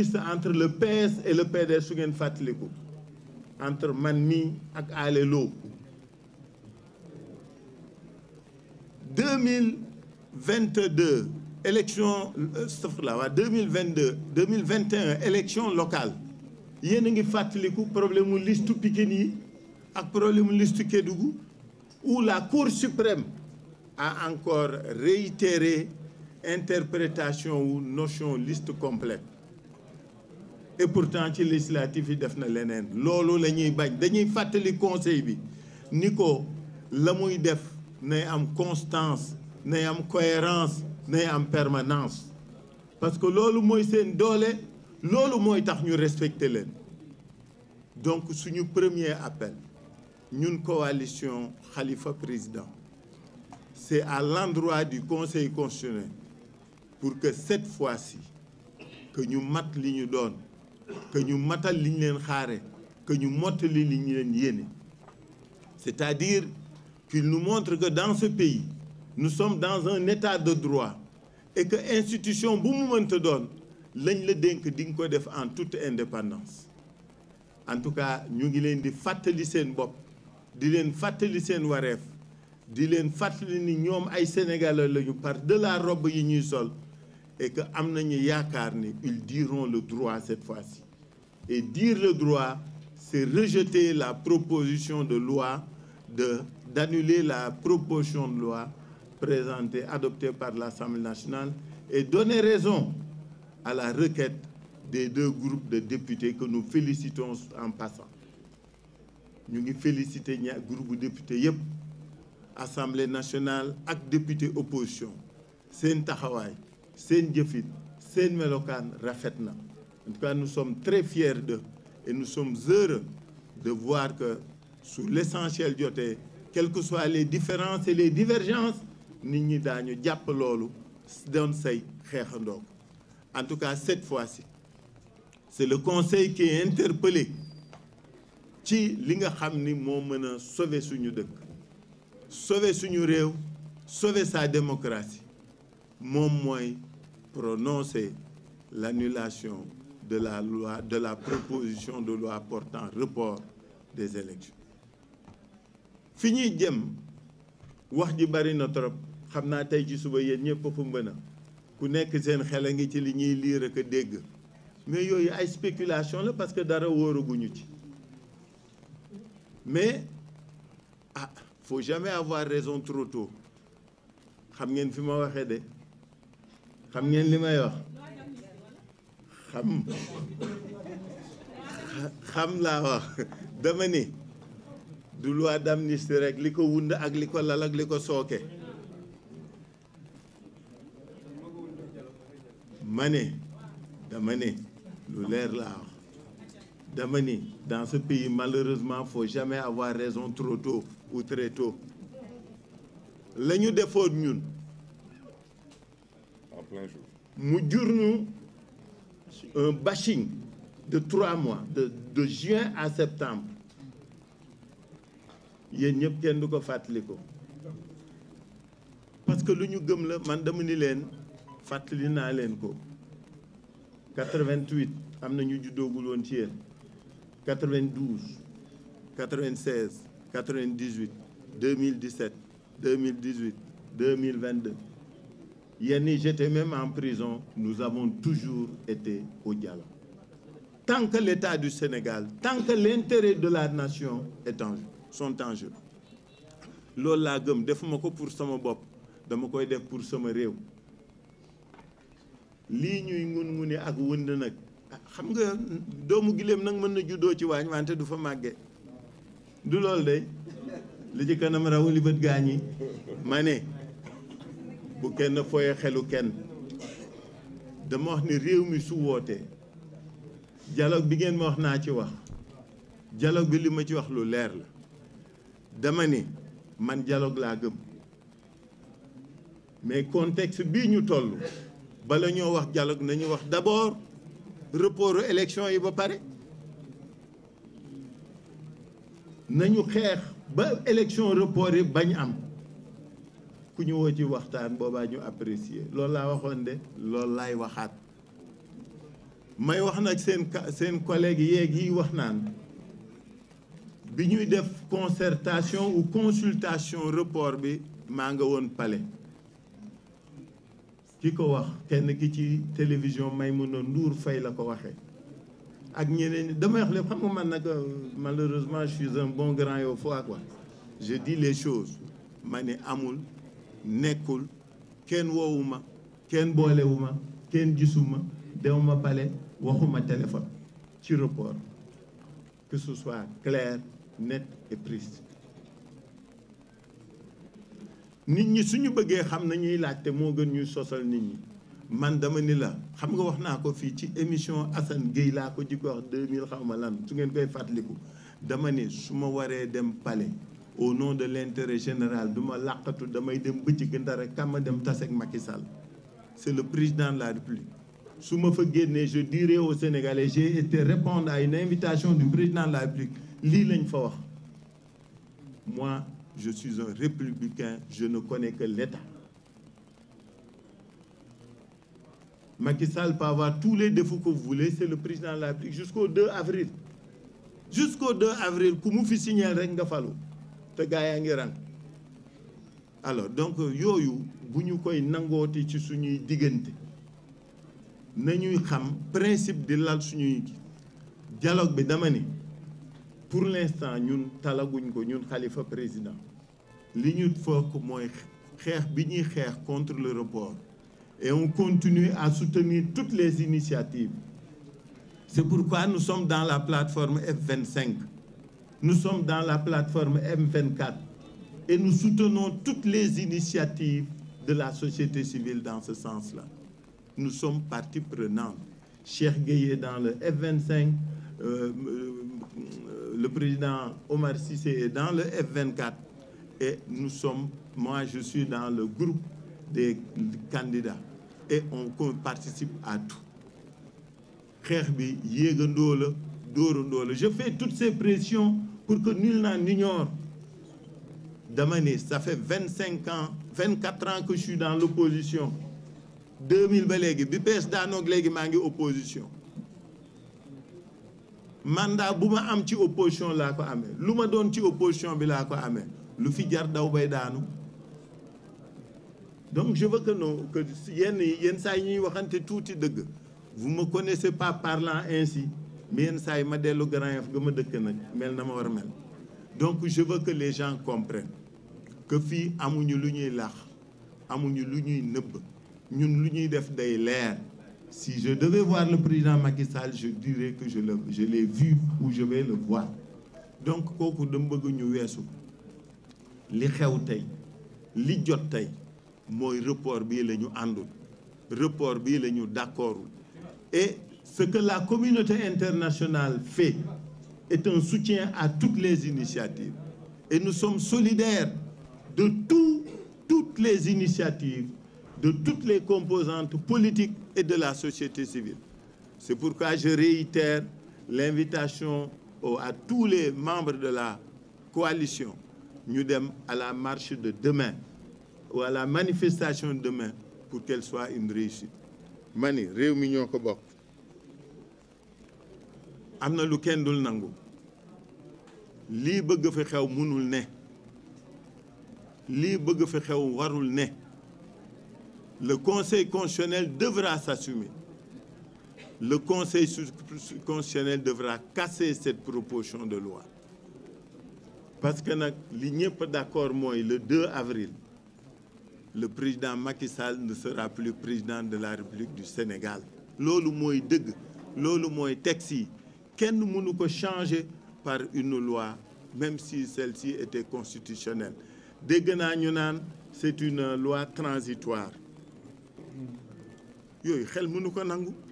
piste entre le PS et le PDS su ngeen fàttaliku entre man mi ak Alé Lo 2022 élection euh, astafurlah waa 2022 2021 élection locale yéen a ngi fàttaliku problème mu liste Pikine yi ak problème mu liste Kédougou où la Cour suprême a encore réitéré interprétation wu notion liste complète et pourtant ci législative yi def na leneen loolu la ñuy bañ dañuy fàttali conseil bi ni ko la muy def nay am constance nay am cohérence nay am permanence parce que loolu mooy seen doole loolu mooy tax ñu respecter leen donc suñu premier appel ñun coalition xalifa président c'est à l'endroit du conseil constitutionnel pour que cette fois-ci que ñu mat li ñu doon que ñu matal li ñu leen xaare que ñu mottali li ñu leen yéene c'est-à-dire qu'il nous montre que dans ce pays nu som dans un état de droit et que institution bu mu mënta doon lañ la dénk di nga ko def en toute indépendance en tout cas ñu ngi leen di fàttali seen bopp di leen fàttali seen wareef di leen fàttali ni ñoom ay sénégalais lañu par de la robe yi ñuy sol e que am nañu yaakaar ni ils diront le droit cette fois-ci et dire le droit c'est rejeter la proposition de loi de d'annuler la proposition de loi présentée adoptée par l'Assemblée nationale et donner raison à la requête des deux groupes de députés que nous félicitons en passant ñu ngi féliciter ña groupe député yépp Assemblée nationale ak député opposition seen taxawaay seen jëfit seen melokaan rafet na en tout cas nous sommes très fiers de et nous sommes heureux de voir que sur l'essentiel jotee quelles que soient les différences et les divergences nit ñi daañu jàpp loolu doon say xeexandoo ko en tout cas cette fois si c'est le conseil qui est interpellé ci li nga xam ni moo mën a sauver suñu dëkk sauver suñu réew sauver sa démocratie moom mooy prononcer l'annulation de la loi, de la proposition de loi portant report des élections fi ñuy jëm wax ji bari na trop xam naa tey ci suba yéen ñëpp fumba na ku nekk seen xel a ngi ci li ñuy liir ak dégg mais yooyu ay spéculation la parce que dara wóoraguñu ci mais ah foo jamais avoir raison trop tôt xam ngeen fi ma waxee de xam ngeen li may wax xam xam laa wax dama ni du loi d'amnistie rek li ko wund ak li ko lal ak li ko sooke ma ne dama ne lu leer laa wax dama ni dans ce pays malheureusement faut jamais avoir raison trop tôt ou très tôt la ñun mu jur ñu un bashing de trois mois de de juin à septembre yéen ñëpp kenn du ko fàttali ko parce que lu ñu gëm la man dama ni leen fàttali naa leen ko 88 am na ñu juddoogul woon ci yéen dix 96 98 mille 2018 2022. yenn j'étais même en prison, nous avons toujours été au dialogue. Tant que l'État du Sénégal, tant que l'intérêt de la nation est en jeu, sont en loolu laa gëm defuma ko pour sama bopp dama koy def pour sama réew lii ñuy ngun nguni ak wënd nag xam nga doomu giléem nag mën na juddoo ci waañ wante du fa màgge du loolu de li ci kanam rawu li bët gaañi ma ne bu kenn foye xelu kenn dama wax ni réew mi su wootee dialogue bi ngeen ma wax naa ci wax dialogue bi li ma ci wax lu leer la dama ni man dialogue laa gëm mais contexte bii ñu toll bala ñoo wax dialogue nañu wax d'abord reportu élection yi ba pare nañu xeex ba élection report yi bañ am ku ñu woo ci waxtaan boobaa ñu apprécier loolu laa waxoon de loolu laay waxaat may wax na seen seen collègue yeeg yi wax naan bi ñuy def concertation ou consultation report bi maa nga woon pale ki ko wax kenn ki ci télévision Maïmouna nduur Faye la ko waxee ak ñeneen damay wax lépp xam nga man nag euh, malheureusement je suis un bon grand yow fois quoi je dis les choses ma ne amul nekkul kenn woowuma kenn boolewuma kenn gisuma demuma pale waxuma téléphone ci report que ce soit clair net et précis nit ñi suñu bëggee xam nañuy laajte moo gën ñu sosal nit ñi man dama ni la xam nga wax naa ko fii ci émission Assane Gueye laa ko jikko wax 2000 lan su ngeen koy fàttaliku dama ni su ma waree dem palais au nom de l'intérêt général duma làqatu damay dem bëccëg ndara kàmm dem taseeg Macky Sall c'est le président la République su ma fa génnee je dirai aux Sénégalais j'ai été répondre à une invitation du président de la République lii lañ fa wax moi je suis un républicain je ne connais que l'État Macky Sall peut tous les defu que vous c'est le président la République jusqu'au 2 avril jusqu'au 2 avril ku mu fi signé rek nga falu te gaa yaa ngi rang alors donc yooyu bu ñu koy nangooti ci suñuy diggante nañuy xam principe di lal suñuy dialogue bi dama ni pour l'instant ñun talaguñ ko ñun xalifa président li ñu fokk mooy xeex bi ñuy xeex contre le report et on continue à soutenir toutes les initiatives c'est pourquoi nous sommes dans la plateforme F25 Nous sommes dans la plateforme M24 et nous soutenons toutes les initiatives de la société civile dans ce sens-là. Nous sommes partie prenante. Cheikh Gueye dans le F25, euh, euh, le président Omar Cissé est dans le F24 et nous sommes, moi je suis dans le groupe des candidats et on participe à tout. xeex bi yéegandoo dóorandoo la je fais toutes ces pressions pour que nul n'en ignore dama ne ça fait vingt cinq ans vingt quatre ans que je suis dans l'opposition mille ba léegi bi PS daanoog léegi maa ngi opposition mandat bu ma am ci opposition laa ko amee lu ma doon ci opposition bi laa ko amee lu fi jar daw bay daanu donc je veux que non que yenn yenn saa yi ñuy waxante tuuti dëgg vous me connaissez pas parlant ainsi mais yenn saa yi ma dellu Grand Yoff ga ma dëkk nag mel na ma war a mel donc je que les gens comprennent que fii amuñu lu ñuy laax amuñu lu ñuy nëbb ñun lu ñuy def day leer si je devais voir le président Macky Sall je dirais que je le je ou je vais voir donc kooku dama bëgg ñu weesu li xew tey li jot tey mooy report bii la ñu àndul report bii la ñu d'accordul et ce que la communauté internationale fait est un soutien à toutes les initiatives. Et nous sommes solidaires de tout, toutes les initiatives, de toutes les composantes politiques et de la société civile. C'est pourquoi je réitère l'invitation à tous les membres de la coalition, nous à la marché de demain ou à la manifestation de demain pour qu'elle soit une réussite. Mani, réunion Kobok. am na lu kenn dul nangu lii bëgg fi xew mënul ne lii bëgg fi xew warul ne le conseil constitutionnel devra s'assumer le conseil constitutionnel devra casser cette proposition de loi parce que nag li ñëpp d'accord mooy le 2 avril le président Macky Sall ne sera plus président de la République du Sénégal loolu mooy dëgg loolu mooy texte yi kenn mënu ko changé par une loi même si celle-ci était constitutionnelle dégg naa ñu naan c'est une loi transitoire yooyu xel mënu ko nangu